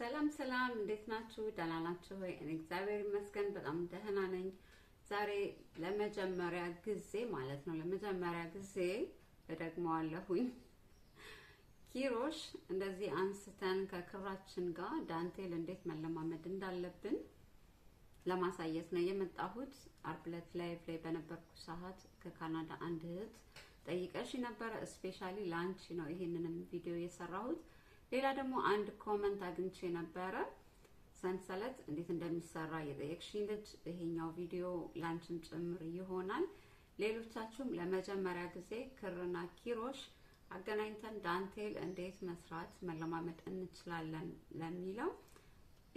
ሰላም ሰላም፣ እንዴት ናችሁ? ደህና ናችሁ ወይ? እኔ እግዚአብሔር ይመስገን በጣም ደህና ነኝ። ዛሬ ለመጀመሪያ ጊዜ ማለት ነው ለመጀመሪያ ጊዜ እደግመዋለሁኝ ኪሮሽ እንደዚህ አንስተን ከክራችን ጋር ዳንቴል እንዴት መለማመድ እንዳለብን ለማሳየት ነው የመጣሁት። አርብ ዕለት ላይቭ ላይ በነበርኩ ሰዓት ከካናዳ አንድ እህት ጠይቀሽ ነበረ። ስፔሻሊ ላንቺ ነው ይሄንንም ቪዲዮ የሰራሁት። ሌላ ደግሞ አንድ ኮመንት አግኝቼ ነበረ። ሰንሰለት እንዴት እንደሚሰራ የጠየቅሽኝ ልጅ ይሄኛው ቪዲዮ ላንችን ጭምር ይሆናል። ሌሎቻችሁም ለመጀመሪያ ጊዜ ክርና ኪሮሽ አገናኝተን ዳንቴል እንዴት መስራት መለማመድ እንችላለን ለሚለው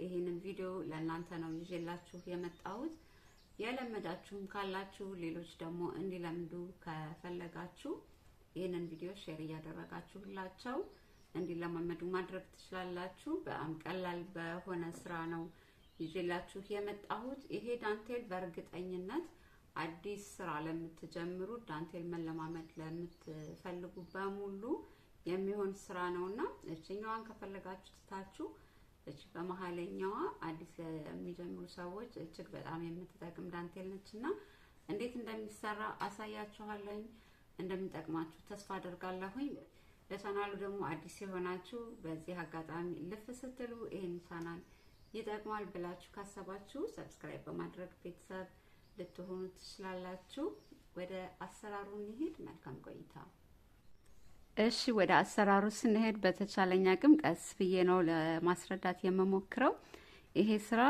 ይህንን ቪዲዮ ለእናንተ ነው ይዤላችሁ የመጣሁት። የለመዳችሁም ካላችሁ ሌሎች ደግሞ እንዲለምዱ ከፈለጋችሁ ይህንን ቪዲዮ ሼር እያደረጋችሁላቸው እንዲለማመዱ ማድረግ ትችላላችሁ። በጣም ቀላል በሆነ ስራ ነው ይዤላችሁ የመጣሁት። ይሄ ዳንቴል በእርግጠኝነት አዲስ ስራ ለምትጀምሩ ዳንቴል መለማመድ ለምትፈልጉ በሙሉ የሚሆን ስራ ነውና እችኛዋን ከፈለጋችሁ ትታችሁ እች በመሀለኛዋ አዲስ ለሚጀምሩ ሰዎች እጅግ በጣም የምትጠቅም ዳንቴል ነች እና እንዴት እንደሚሰራ አሳያችኋለኝ። እንደሚጠቅማችሁ ተስፋ አደርጋለሁኝ። ለቻናሉ ደግሞ አዲስ የሆናችሁ በዚህ አጋጣሚ ልፍ ስትሉ ይህን ቻናል ይጠቅማል ብላችሁ ካሰባችሁ ሰብስክራይብ በማድረግ ቤተሰብ ልትሆኑ ትችላላችሁ። ወደ አሰራሩ እንሂድ። መልካም ቆይታ። እሺ፣ ወደ አሰራሩ ስንሄድ በተቻለኝ አቅም ቀስ ብዬ ነው ለማስረዳት የምሞክረው። ይሄ ስራ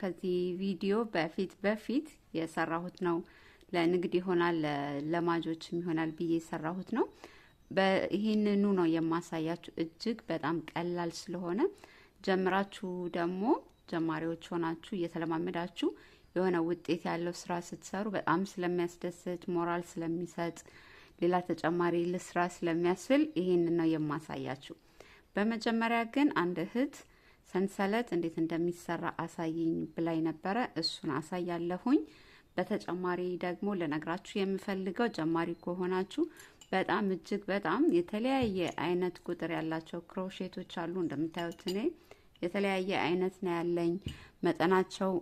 ከዚህ ቪዲዮ በፊት በፊት የሰራሁት ነው። ለንግድ ይሆናል ለማጆችም ይሆናል ብዬ የሰራሁት ነው። በይህንኑ ነው የማሳያችሁ። እጅግ በጣም ቀላል ስለሆነ ጀምራችሁ ደግሞ ጀማሪዎች ሆናችሁ እየተለማመዳችሁ የሆነ ውጤት ያለው ስራ ስትሰሩ በጣም ስለሚያስደስት፣ ሞራል ስለሚሰጥ፣ ሌላ ተጨማሪ ልስራ ስለሚያስብል ይህንን ነው የማሳያችሁ። በመጀመሪያ ግን አንድ እህት ሰንሰለት እንዴት እንደሚሰራ አሳይኝ ብላይ ነበረ። እሱን አሳያለሁኝ። በተጨማሪ ደግሞ ልነግራችሁ የምፈልገው ጀማሪ ከሆናችሁ በጣም እጅግ በጣም የተለያየ አይነት ቁጥር ያላቸው ክሮሼቶች አሉ። እንደምታዩት እኔ የተለያየ አይነት ነው ያለኝ። መጠናቸው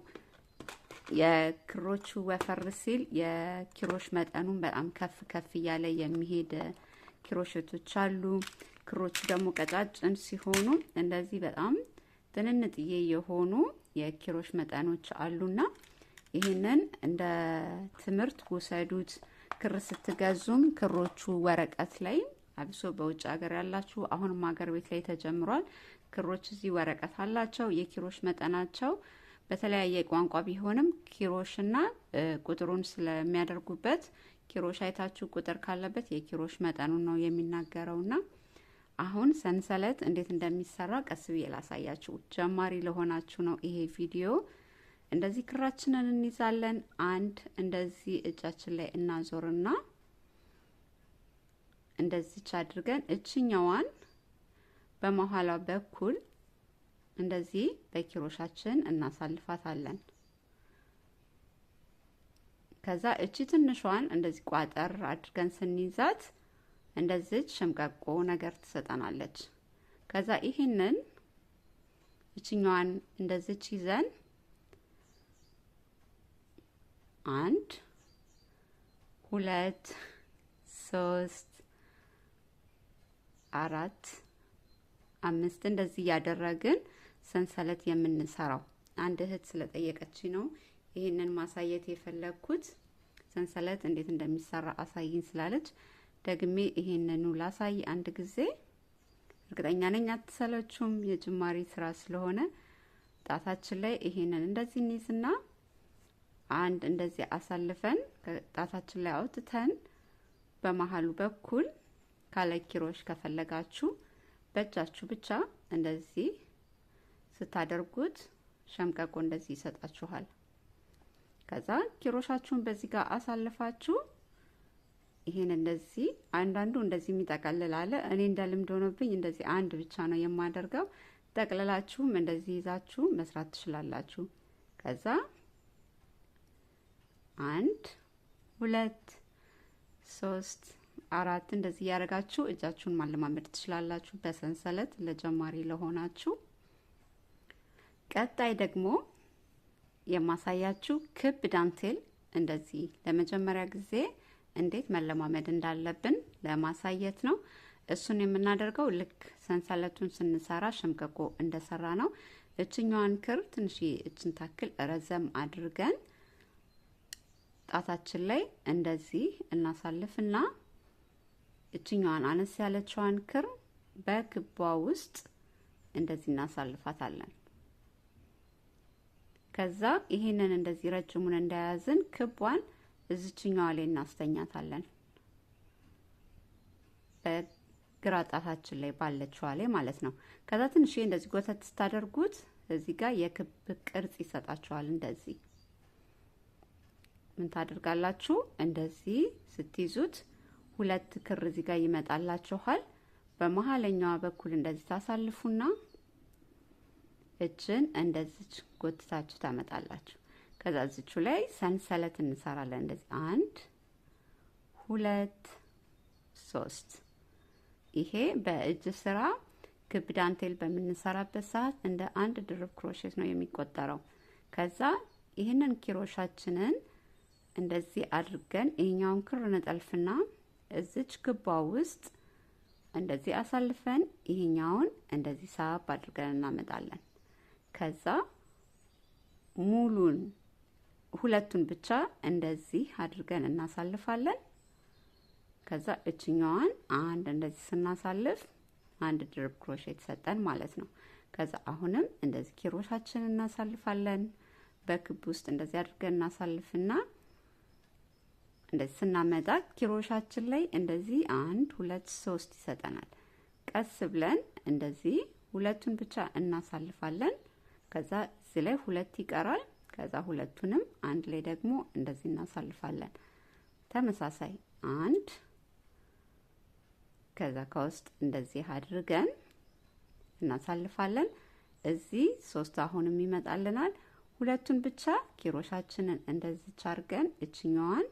የክሮቹ ወፈር ሲል የኪሮሽ መጠኑን በጣም ከፍ ከፍ እያለ የሚሄድ ክሮሼቶች አሉ። ክሮቹ ደግሞ ቀጫጭን ሲሆኑ እንደዚህ በጣም ትንንጥዬ የሆኑ የኪሮሽ መጠኖች አሉና ይህንን እንደ ትምህርት ውሰዱት። ክር ስትገዙም ክሮቹ ወረቀት ላይ አብሶ በውጭ ሀገር ያላችሁ አሁንም ሀገር ቤት ላይ ተጀምሯል። ክሮች እዚህ ወረቀት አላቸው። የኪሮሽ መጠናቸው በተለያየ ቋንቋ ቢሆንም ኪሮሽና ቁጥሩን ስለሚያደርጉበት ኪሮሽ አይታችሁ ቁጥር ካለበት የኪሮሽ መጠኑን ነው የሚናገረውና አሁን ሰንሰለት እንዴት እንደሚሰራ ቀስ ብዬ ላሳያችሁ። ጀማሪ ለሆናችሁ ነው ይሄ ቪዲዮ እንደዚህ ክራችንን እንይዛለን። አንድ እንደዚህ እጃችን ላይ እናዞርና እንደዚች አድርገን እችኛዋን በመኋላ በኩል እንደዚህ በኪሮሻችን እናሳልፋታለን። ከዛ እቺ ትንሿን እንደዚህ ቋጠር አድርገን ስንይዛት እንደዚች ሸምቀቆ ነገር ትሰጠናለች። ከዛ ይህንን እችኛዋን እንደዚች ይዘን አንድ ሁለት ሶስት አራት አምስት እንደዚህ እያደረግን ሰንሰለት የምንሰራው። አንድ እህት ስለጠየቀች ነው ይህንን ማሳየት የፈለግኩት። ሰንሰለት እንዴት እንደሚሰራ አሳይኝ ስላለች ደግሜ ይሄንኑ ላሳይ አንድ ጊዜ። እርግጠኛ ነኝ አትሰለችም፣ የጅማሬ ስራ ስለሆነ ጣታችን ላይ ይሄንን እንደዚህ እንይዝና አንድ እንደዚህ አሳልፈን ጣታችን ላይ አውጥተን በመሀሉ በኩል ካለ ኪሮሽ ከፈለጋችሁ በእጃችሁ ብቻ እንደዚህ ስታደርጉት ሸምቀቆ እንደዚህ ይሰጣችኋል። ከዛ ኪሮሻችሁን በዚህ ጋር አሳልፋችሁ ይሄን እንደዚህ አንዳንዱ እንደዚህ የሚጠቀልል አለ። እኔ እንደ ልምድ ሆኖብኝ እንደዚህ አንድ ብቻ ነው የማደርገው። ጠቅልላችሁም እንደዚህ ይዛችሁ መስራት ትችላላችሁ። ከዛ አንድ ሁለት ሶስት አራት እንደዚህ እያደረጋችሁ እጃችሁን ማለማመድ ትችላላችሁ። በሰንሰለት ለጀማሪ ለሆናችሁ። ቀጣይ ደግሞ የማሳያችሁ ክብ ዳንቴል እንደዚህ ለመጀመሪያ ጊዜ እንዴት መለማመድ እንዳለብን ለማሳየት ነው። እሱን የምናደርገው ልክ ሰንሰለቱን ስንሰራ ሸምቀቆ እንደሰራ ነው። እችኛዋን ክር ትንሽ እችን ታክል ረዘም አድርገን ጣታችን ላይ እንደዚህ እናሳልፍና እችኛዋን አነስ ያለችዋን ክር በክቧ ውስጥ እንደዚህ እናሳልፋታለን። ከዛ ይሄንን እንደዚህ ረጅሙን እንደያዝን ክቧን እዚችኛዋ ላይ እናስተኛታለን። በግራ ጣታችን ላይ ባለችዋ ላይ ማለት ነው። ከዛ ትንሽ እንደዚህ ጎተት ስታደርጉት እዚህ ጋር የክብ ቅርጽ ይሰጣችኋል እንደዚህ ምን ታደርጋላችሁ? እንደዚህ ስትይዙት ሁለት ክር እዚህ ጋር ይመጣላችኋል። በመሀለኛዋ በኩል እንደዚህ ታሳልፉና እችን እንደዚች ጎትታችሁ ታመጣላችሁ። ከዛ እዚቹ ላይ ሰንሰለት እንሰራለን። እንደዚህ አንድ ሁለት ሶስት። ይሄ በእጅ ስራ ክብ ዳንቴል በምንሰራበት ሰዓት እንደ አንድ ድርብ ክሮሼት ነው የሚቆጠረው። ከዛ ይህንን ኪሮሻችንን እንደዚህ አድርገን ይሄኛውን ክር እንጠልፍና እዚች ክባ ውስጥ እንደዚህ አሳልፈን ይሄኛውን እንደዚህ ሳብ አድርገን እናመጣለን። ከዛ ሙሉን ሁለቱን ብቻ እንደዚህ አድርገን እናሳልፋለን። ከዛ እችኛዋን አንድ እንደዚህ ስናሳልፍ አንድ ድርብ ክሮሼ የተሰጠን ማለት ነው። ከዛ አሁንም እንደዚህ ኪሮሻችንን እናሳልፋለን። በክብ ውስጥ እንደዚህ አድርገን እናሳልፍና እንደዚህ ስናመጣ ኪሮሻችን ላይ እንደዚህ አንድ ሁለት ሶስት ይሰጠናል። ቀስ ብለን እንደዚህ ሁለቱን ብቻ እናሳልፋለን። ከዛ እዚህ ላይ ሁለት ይቀራል። ከዛ ሁለቱንም አንድ ላይ ደግሞ እንደዚህ እናሳልፋለን። ተመሳሳይ አንድ ከዛ ከውስጥ እንደዚህ አድርገን እናሳልፋለን። እዚህ ሶስት አሁንም ይመጣልናል። ሁለቱን ብቻ ኪሮሻችንን እንደዚህ አድርገን እችኛዋን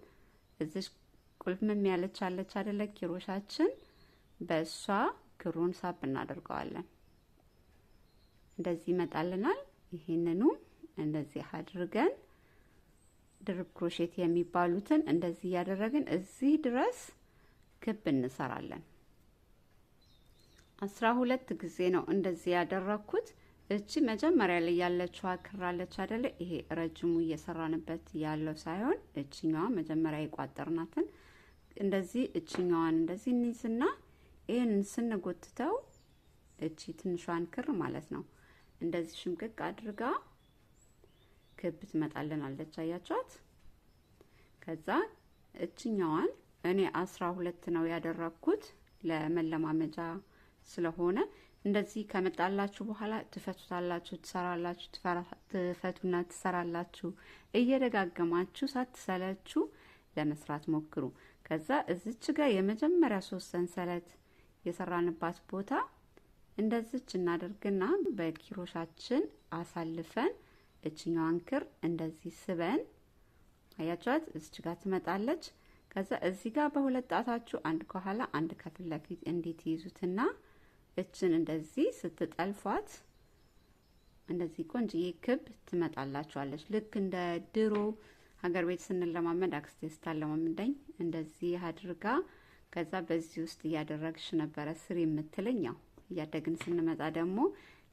እዚሽ ቁልምም ያለች አለች አይደለ? ኪሮሻችን በእሷ ክሩን ሳብ እናደርገዋለን። እንደዚህ ይመጣልናል። ይህንኑ እንደዚህ አድርገን ድርብ ክሮሼት የሚባሉትን እንደዚህ እያደረግን እዚህ ድረስ ክብ እንሰራለን። አስራ ሁለት ጊዜ ነው እንደዚህ ያደረኩት። እቺ መጀመሪያ ላይ ያለችዋ ክር አለች አይደለ? ይሄ ረጅሙ እየሰራንበት ያለው ሳይሆን እችኛዋ መጀመሪያ የቋጠርናትን እንደዚህ እችኛዋን እንደዚህ እንይዝና ይህንን ስንጎትተው እቺ ትንሿን ክር ማለት ነው እንደዚህ ሽምቅቅ አድርጋ ክብ ትመጣልናለች። አያችኋት? ከዛ እችኛዋን እኔ አስራ ሁለት ነው ያደረኩት ለመለማመጃ ስለሆነ እንደዚህ ከመጣላችሁ በኋላ ትፈቱታላችሁ፣ ትሰራላችሁ፣ ትፈቱና ትሰራላችሁ። እየደጋገማችሁ ሳትሰለችሁ ለመስራት ሞክሩ። ከዛ እዚች ጋር የመጀመሪያ ሶስት ሰንሰለት የሰራንባት ቦታ እንደዚች እናደርግና በኪሮሻችን አሳልፈን እችኛዋን ክር እንደዚህ ስበን አያቸዋት እዚች ጋር ትመጣለች። ከዛ እዚህ ጋር በሁለት ጣታችሁ አንድ ከኋላ አንድ ከፊት ለፊት እንዲት እችን እንደዚህ ስትጠልፏት እንደዚህ ቆንጅዬ ክብ ትመጣላችኋለች። ልክ እንደ ድሮ ሀገር ቤት ስንለማመድ አክስቴ ስታለማምደኝ እንደዚህ አድርጋ ከዛ በዚህ ውስጥ እያደረግሽ ነበረ ስሪ የምትለኝ። ያው እያደግን ስንመጣ ደግሞ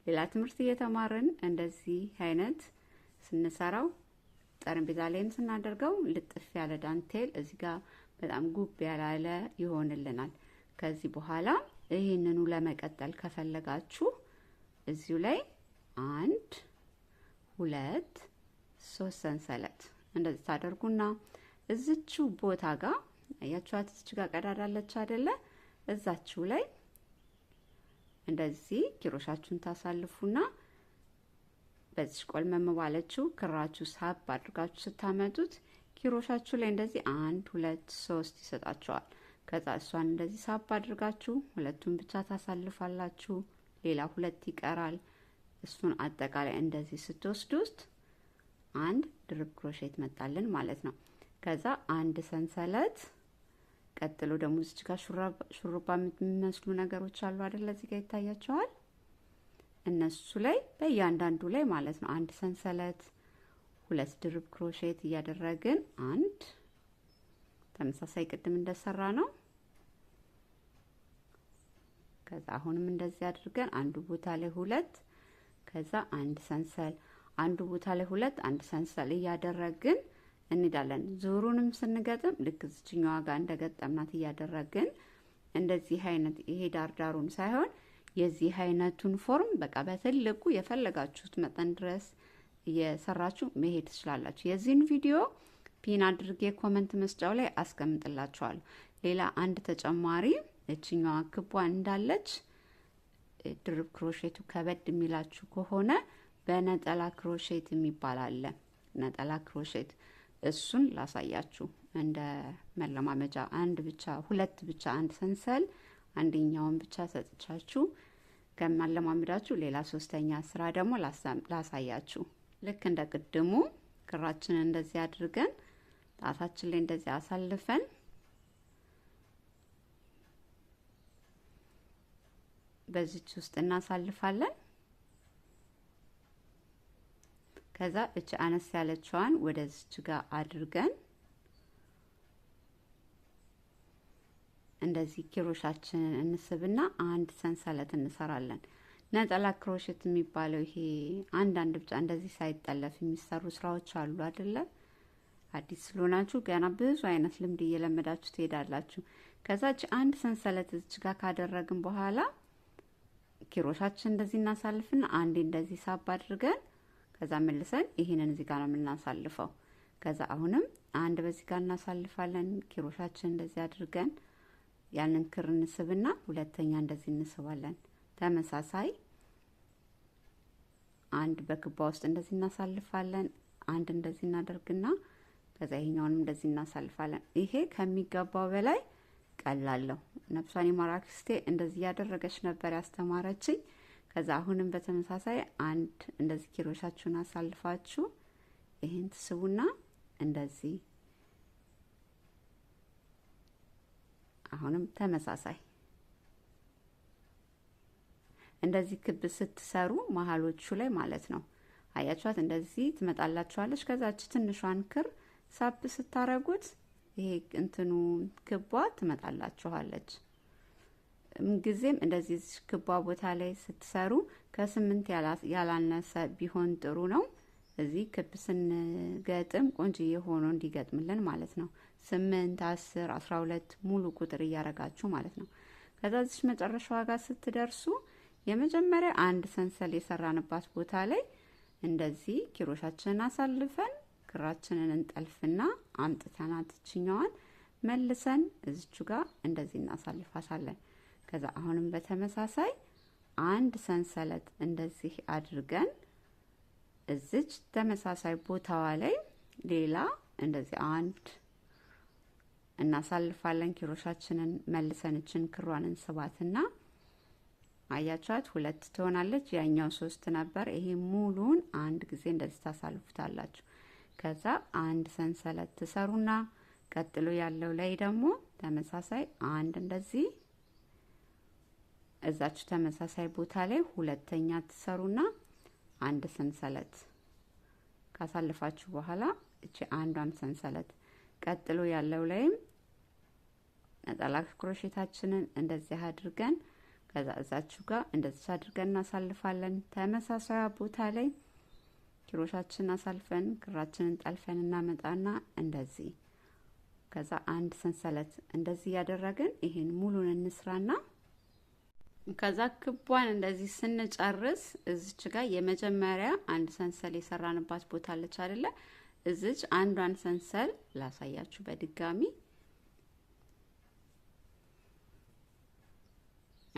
ሌላ ትምህርት እየተማርን እንደዚህ አይነት ስንሰራው ጠረጴዛ ላይም ስናደርገው ልጥፍ ያለ ዳንቴል እዚህ ጋር በጣም ጉብ ያላለ ይሆንልናል ከዚህ በኋላ ይህንኑ ለመቀጠል ከፈለጋችሁ እዚሁ ላይ አንድ ሁለት ሶስት ሰንሰለት እንደዚህ ታደርጉና እዝቹ ቦታ ጋር አያችኋት፣ እዚች ጋር ቀዳዳለች አይደለ? እዛችሁ ላይ እንደዚህ ኪሮሻችሁን ታሳልፉና በዚህ ቆልመም ባለችው ክራችሁ ሳብ አድርጋችሁ ስታመጡት ኪሮሻችሁ ላይ እንደዚህ አንድ ሁለት ሶስት ይሰጣችኋል። ከዛ እሷን እንደዚህ ሳብ አድርጋችሁ ሁለቱን ብቻ ታሳልፋላችሁ። ሌላ ሁለት ይቀራል። እሱን አጠቃላይ እንደዚህ ስትወስድ ውስጥ አንድ ድርብ ክሮሼት መጣልን ማለት ነው። ከዛ አንድ ሰንሰለት ቀጥሎ ደግሞ እዚች ጋር ሹሩባ የሚመስሉ ነገሮች አሉ አደለ እዚህ ጋር ይታያቸዋል። እነሱ ላይ በእያንዳንዱ ላይ ማለት ነው አንድ ሰንሰለት ሁለት ድርብ ክሮሼት እያደረግን አንድ ተመሳሳይ ቅድም እንደሰራ ነው። ከዛ አሁንም እንደዚህ አድርገን አንዱ ቦታ ላይ ሁለት ከዛ አንድ ሰንሰል አንዱ ቦታ ላይ ሁለት አንድ ሰንሰል እያደረግን እንዳለን ዙሩንም ስንገጥም ልክ ዝችኛዋ ጋር እንደገጠምናት እያደረግን እንደዚህ አይነት ይሄ ዳርዳሩን ሳይሆን የዚህ አይነቱን ፎርም በቃ በትልቁ የፈለጋችሁት መጠን ድረስ እየሰራችሁ መሄድ ትችላላችሁ። የዚህን ቪዲዮ ፒን አድርጌ ኮመንት መስጫው ላይ አስቀምጥላችኋል። ሌላ አንድ ተጨማሪ እችኛዋ ክቧ እንዳለች ድርብ ክሮሼቱ ከበድ የሚላችሁ ከሆነ በነጠላ ክሮሼት የሚባል አለ። ነጠላ ክሮሼት እሱን ላሳያችሁ እንደ መለማመጃ። አንድ ብቻ ሁለት ብቻ አንድ ሰንሰል አንደኛውን ብቻ ሰጥቻችሁ ከማለማመዳችሁ ሌላ ሶስተኛ ስራ ደግሞ ላሳያችሁ። ልክ እንደ ቅድሙ ክራችንን እንደዚህ አድርገን ጣታችን ላይ እንደዚህ አሳልፈን በዚች ውስጥ እናሳልፋለን። ከዛ እች አነስ ያለችዋን ወደዚች ጋር አድርገን እንደዚህ ኪሮሻችንን እንስብና አንድ ሰንሰለት እንሰራለን። ነጠላ ክሮሽት የሚባለው ይሄ አንድ አንድ ብቻ እንደዚህ ሳይጠለፍ የሚሰሩ ስራዎች አሉ አይደለም? አዲስ ስለሆናችሁ ገና ብዙ አይነት ልምድ እየለመዳችሁ ትሄዳላችሁ። ከዛች አንድ ሰንሰለት እዚች ጋር ካደረግን በኋላ ኪሮሻችን እንደዚህ እናሳልፍና አንዴ እንደዚህ ሳብ አድርገን ከዛ መልሰን ይህንን እዚህ ጋር ነው የምናሳልፈው። ከዛ አሁንም አንድ በዚህ ጋር እናሳልፋለን። ኪሮሻችን እንደዚህ አድርገን ያንን ክር እንስብና ሁለተኛ እንደዚህ እንስባለን። ተመሳሳይ አንድ በክባ ውስጥ እንደዚህ እናሳልፋለን። አንድ እንደዚህ እናደርግና ከዛ ይሄኛውንም እንደዚህ እናሳልፋለን። ይሄ ከሚገባው በላይ ቀላለሁ። ነፍሷን ይማር አክስቴ እንደዚህ እያደረገች ነበር ያስተማረችኝ። ከዛ አሁንም በተመሳሳይ አንድ እንደዚህ ኪሮሻችሁን አሳልፋችሁ ይህን ትስቡና እንደዚህ አሁንም ተመሳሳይ እንደዚህ ክብ ስትሰሩ መሀሎቹ ላይ ማለት ነው። አያችኋት? እንደዚህ ትመጣላችኋለች። ከዛች ትንሿን ክር ሳብ ስታረጉት ይሄ እንትኑ ክቧ ትመጣላችኋለች። ምንጊዜም እንደዚህ ክቧ ቦታ ላይ ስትሰሩ ከስምንት ያላነሰ ቢሆን ጥሩ ነው። እዚህ ክብ ስንገጥም ቆንጆ ሆኖ እንዲገጥምልን ማለት ነው። ስምንት አስር አስራ ሁለት ሙሉ ቁጥር እያረጋችሁ ማለት ነው። ከዛ ዚች መጨረሻዋ ጋር ስትደርሱ የመጀመሪያ አንድ ሰንሰል የሰራንባት ቦታ ላይ እንደዚህ ኪሮሻችንን አሳልፈን ክራችንን እንጠልፍና አምጥተናት እችኛዋን መልሰን እዝቹ ጋር እንደዚህ እናሳልፋታለን። ከዛ አሁንም በተመሳሳይ አንድ ሰንሰለት እንደዚህ አድርገን እዝች ተመሳሳይ ቦታዋ ላይ ሌላ እንደዚህ አንድ እናሳልፋለን። ኪሮሻችንን መልሰን እችን ክሯን እንስባትና አያቻት ሁለት ትሆናለች። ያኛው ሶስት ነበር። ይሄ ሙሉን አንድ ጊዜ እንደዚህ ታሳልፉታላችሁ። ከዛ አንድ ሰንሰለት ትሰሩና ቀጥሎ ያለው ላይ ደግሞ ተመሳሳይ አንድ እንደዚህ እዛች ተመሳሳይ ቦታ ላይ ሁለተኛ ትሰሩና አንድ ሰንሰለት ካሳልፋችሁ በኋላ እቺ አንዷም ሰንሰለት ቀጥሎ ያለው ላይም ነጠላ ክሮሼታችንን እንደዚህ አድርገን ከዛ እዛችሁ ጋር እንደዚህ አድርገን እናሳልፋለን። ተመሳሳይ ቦታ ላይ ኪሮሻችን አሳልፈን ክራችንን ጠልፈን እናመጣና እንደዚህ ከዛ አንድ ሰንሰለት እንደዚህ እያደረግን ይሄን ሙሉን እንስራና ከዛ ክቧን እንደዚህ ስንጨርስ እዚች ጋር የመጀመሪያ አንድ ሰንሰል የሰራንባት ቦታ አለች አደለ? እዚች አንዷን ሰንሰል ላሳያችሁ በድጋሚ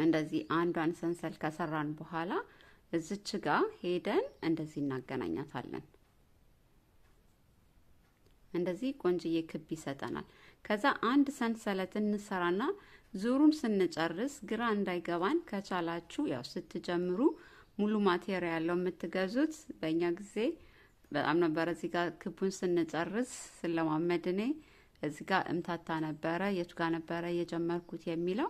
እንደዚህ አንዷን ሰንሰል ከሰራን በኋላ እዝች ጋር ሄደን እንደዚህ እናገናኛታለን። እንደዚህ ቆንጅዬ ክብ ይሰጠናል። ከዛ አንድ ሰንሰለት እንሰራና ዙሩን ስንጨርስ ግራ እንዳይገባን ከቻላችሁ ያው ስትጀምሩ ሙሉ ማቴሪያል ያለው የምትገዙት። በእኛ ጊዜ በጣም ነበረ። እዚህ ጋር ክቡን ስንጨርስ ስለማመድ እዚህ ጋር እምታታ ነበረ፣ የቱ ጋር ነበረ የጀመርኩት የሚለው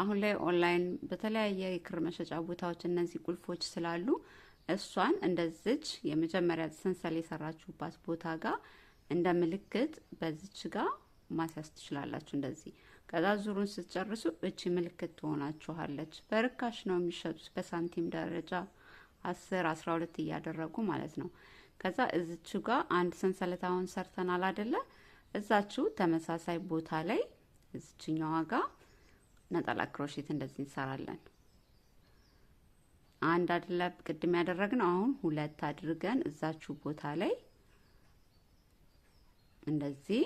አሁን ላይ ኦንላይን በተለያየ የክር መሸጫ ቦታዎች እነዚህ ቁልፎች ስላሉ እሷን እንደዚች የመጀመሪያ ሰንሰል የሰራችሁባት ቦታ ጋር እንደ ምልክት በዚች ጋር ማስያዝ ትችላላችሁ። እንደዚህ ከዛ ዙሩን ስትጨርሱ እቺ ምልክት ትሆናችኋለች። በርካሽ ነው የሚሸጡት በሳንቲም ደረጃ አስር አስራ ሁለት እያደረጉ ማለት ነው። ከዛ እዝች ጋር አንድ ሰንሰለት አሁን ሰርተናል አደለ? እዛችሁ ተመሳሳይ ቦታ ላይ እዝችኛዋ ጋር ነጠላ ክሮሼት እንደዚህ እንሰራለን። አንድ አይደለ ቅድም ያደረግነው አሁን ሁለት አድርገን እዛችሁ ቦታ ላይ እንደዚህ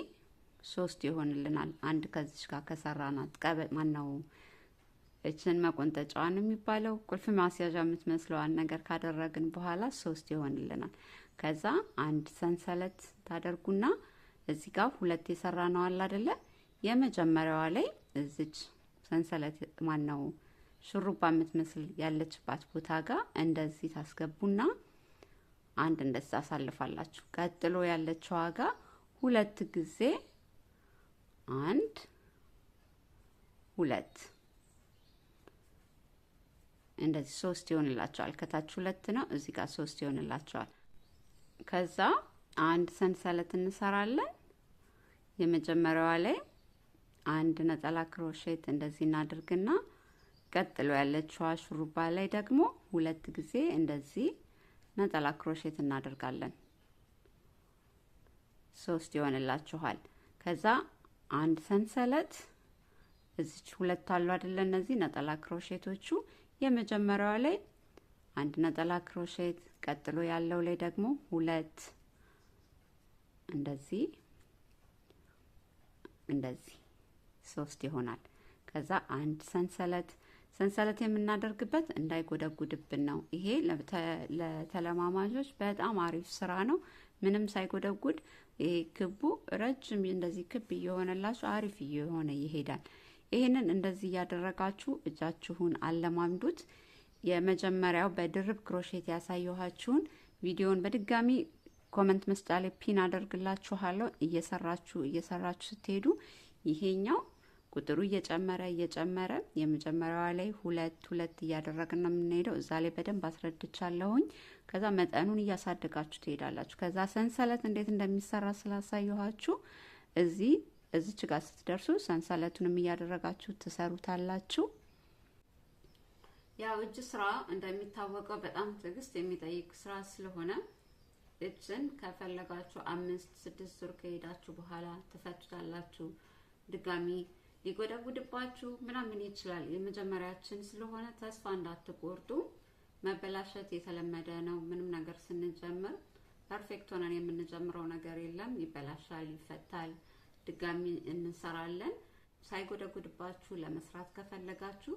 ሶስት ይሆንልናል። አንድ ከዚች ጋር ከሰራናት ቀበጥ ማነው እችን መቆንጠጫዋን የሚባለው ቁልፍ ማስያዣ የምትመስለዋን ነገር ካደረግን በኋላ ሶስት ይሆንልናል። ከዛ አንድ ሰንሰለት ታደርጉና እዚህ ጋር ሁለት የሰራ ነው አለ አይደለ የመጀመሪያዋ ላይ እዚች ሰንሰለት ማናው ሹሩባ የምትመስል ያለችባት ቦታ ጋር እንደዚህ ታስገቡና አንድ እንደዚህ ታሳልፋላችሁ። ቀጥሎ ያለችው ዋጋ ሁለት ጊዜ አንድ ሁለት እንደዚህ ሶስት ይሆንላቸዋል። ከታች ሁለት ነው፣ እዚህ ጋር ሶስት ይሆንላቸዋል። ከዛ አንድ ሰንሰለት እንሰራለን የመጀመሪያዋ ላይ አንድ ነጠላ ክሮሼት እንደዚህ እናድርግና ቀጥሎ ያለችዋ ሹሩባ ላይ ደግሞ ሁለት ጊዜ እንደዚህ ነጠላ ክሮሼት እናደርጋለን። ሶስት ይሆንላችኋል። ከዛ አንድ ሰንሰለት እዚች ሁለቱ አሉ አይደለ? እነዚህ ነጠላ ክሮሼቶቹ የመጀመሪያው ላይ አንድ ነጠላ ክሮሼት፣ ቀጥሎ ያለው ላይ ደግሞ ሁለት እንደዚህ እንደዚህ ሶስት ይሆናል። ከዛ አንድ ሰንሰለት ሰንሰለት የምናደርግበት እንዳይጎደጉድብን ነው። ይሄ ለተለማማዦች በጣም አሪፍ ስራ ነው። ምንም ሳይጎደጉድ ይሄ ክቡ ረጅም እንደዚህ ክብ እየሆነላችሁ አሪፍ እየሆነ ይሄዳል። ይህንን እንደዚህ እያደረጋችሁ እጃችሁን አለማምዱት። የመጀመሪያው በድርብ ክሮሼት ያሳየኋችሁን ቪዲዮን በድጋሚ ኮመንት መስጫ ላይ ፒን አደርግላችኋለሁ። እየሰራችሁ እየሰራችሁ ስትሄዱ ይሄኛው ቁጥሩ እየጨመረ እየጨመረ የመጀመሪያዋ ላይ ሁለት ሁለት እያደረግን ነው የምንሄደው። እዛ ላይ በደንብ አስረድቻለሁኝ። ከዛ መጠኑን እያሳደጋችሁ ትሄዳላችሁ። ከዛ ሰንሰለት እንዴት እንደሚሰራ ስላሳየኋችሁ እዚህ እዚች ጋር ስትደርሱ ሰንሰለቱንም እያደረጋችሁ ትሰሩታላችሁ። ያው እጅ ስራ እንደሚታወቀው በጣም ትዕግስት የሚጠይቅ ስራ ስለሆነ እጅን ከፈለጋችሁ አምስት ስድስት ዙር ከሄዳችሁ በኋላ ትፈቱታላችሁ ድጋሚ ሊጎደጉድባችሁ ምናምን ይችላል። የመጀመሪያችን ስለሆነ ተስፋ እንዳትቆርጡ። መበላሸት የተለመደ ነው። ምንም ነገር ስንጀምር ፐርፌክት ሆነን የምንጀምረው ነገር የለም። ይበላሻል፣ ይፈታል፣ ድጋሚ እንሰራለን። ሳይጎደጉድባችሁ ለመስራት ከፈለጋችሁ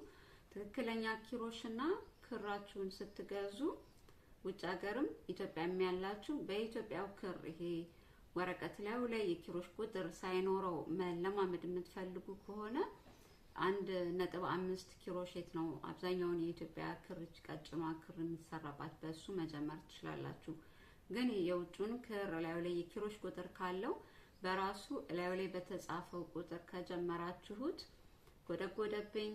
ትክክለኛ ኪሮሽና ክራችሁን ስትገዙ ውጭ ሀገርም ኢትዮጵያ ያላችሁ በኢትዮጵያው ክር ይሄ ወረቀት ላዩ ላይ የኪሮሽ ቁጥር ሳይኖረው መለማመድ የምትፈልጉ ከሆነ አንድ ነጥብ አምስት ኪሮሼት ነው። አብዛኛውን የኢትዮጵያ ክር ቀጭማ ክር የምትሰራባት በእሱ መጀመር ትችላላችሁ። ግን የውጩን ክር ላዩ ላይ የኪሮሽ ቁጥር ካለው በራሱ ላዩ ላይ በተጻፈው ቁጥር ከጀመራችሁት ጎደጎደብኝ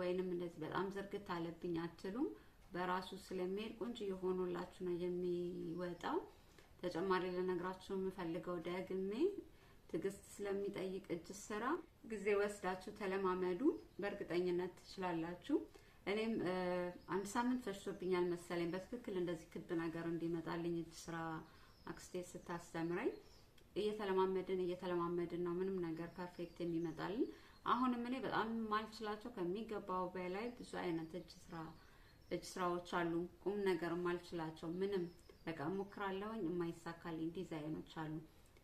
ወይንም እንደዚህ በጣም ዝርግት አለብኝ አትሉም። በራሱ ስለሚሄድ ቁንጅ የሆኑላችሁ ነው የሚወጣው። ተጨማሪ ልነግራችሁ የምፈልገው ደግሜ ትዕግስት ስለሚጠይቅ እጅ ስራ ጊዜ ወስዳችሁ ተለማመዱ። በእርግጠኝነት ትችላላችሁ። እኔም አንድ ሳምንት ፈሽቶብኛል መሰለኝ በትክክል እንደዚህ ክብ ነገር እንዲመጣልኝ እጅ ስራ አክስቴ ስታስተምረኝ እየተለማመድን እየተለማመድን ነው ምንም ነገር ፐርፌክት የሚመጣልን። አሁንም እኔ በጣም ማልችላቸው ከሚገባው በላይ ብዙ አይነት እጅ ስራ እጅ ስራዎች አሉ ቁም ነገር ማልችላቸው ምንም በቃ ሞክራለሁኝ። የማይሳካልኝ ዲዛይኖች አሉ።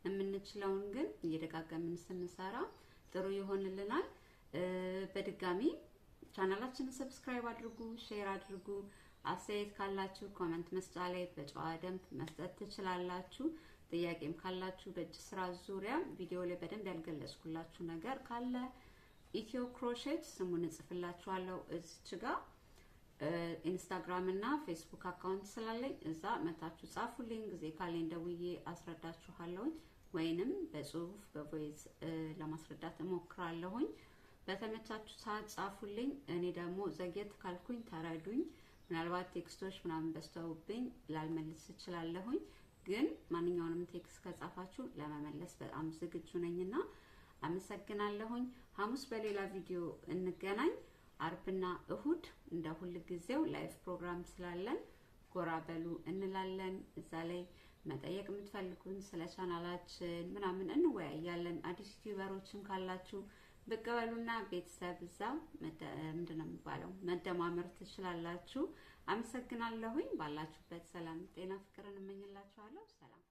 የምንችለውን ግን እየደጋገምን ስንሰራ ጥሩ ይሆንልናል። በድጋሚ ቻናላችንን ሰብስክራይብ አድርጉ፣ ሼር አድርጉ። አስተያየት ካላችሁ ኮመንት መስጫ ላይ በጨዋ ደንብ መስጠት ትችላላችሁ። ጥያቄም ካላችሁ በእጅ ስራ ዙሪያ ቪዲዮ ላይ በደንብ ያልገለጽኩላችሁ ነገር ካለ ኢትዮ ክሮሼት ስሙን እጽፍላችኋለሁ እዚች ጋር ኢንስታግራም እና ፌስቡክ አካውንት ስላለኝ እዛ መታችሁ ጻፉልኝ። ጊዜ ካለኝ ደውዬ አስረዳችኋለሁኝ ወይንም በጽሁፍ በቮይዝ ለማስረዳት እሞክራለሁኝ። በተመቻችሁ ሰዓት ጻፉልኝ። እኔ ደግሞ ዘግየት ካልኩኝ ተረዱኝ። ምናልባት ቴክስቶች ምናምን በስተውብኝ ላልመልስ እችላለሁኝ። ግን ማንኛውንም ቴክስት ከጻፋችሁ ለመመለስ በጣም ዝግጁ ነኝና አመሰግናለሁኝ። ሐሙስ በሌላ ቪዲዮ እንገናኝ። አርብና እሁድ እንደ ሁል ጊዜው ላይፍ ፕሮግራም ስላለን ጎራ በሉ እንላለን። እዛ ላይ መጠየቅ የምትፈልጉን ስለ ቻናላችን ምናምን እንወያያለን። አዲስ ዩቲዩበሮችም ካላችሁ ብቅ በሉና ቤተሰብ እዛ ምንድን ነው የሚባለው መደማመር ትችላላችሁ። አመሰግናለሁኝ። ባላችሁበት ሰላም፣ ጤና፣ ፍቅርን እመኝላችኋለሁ። ሰላም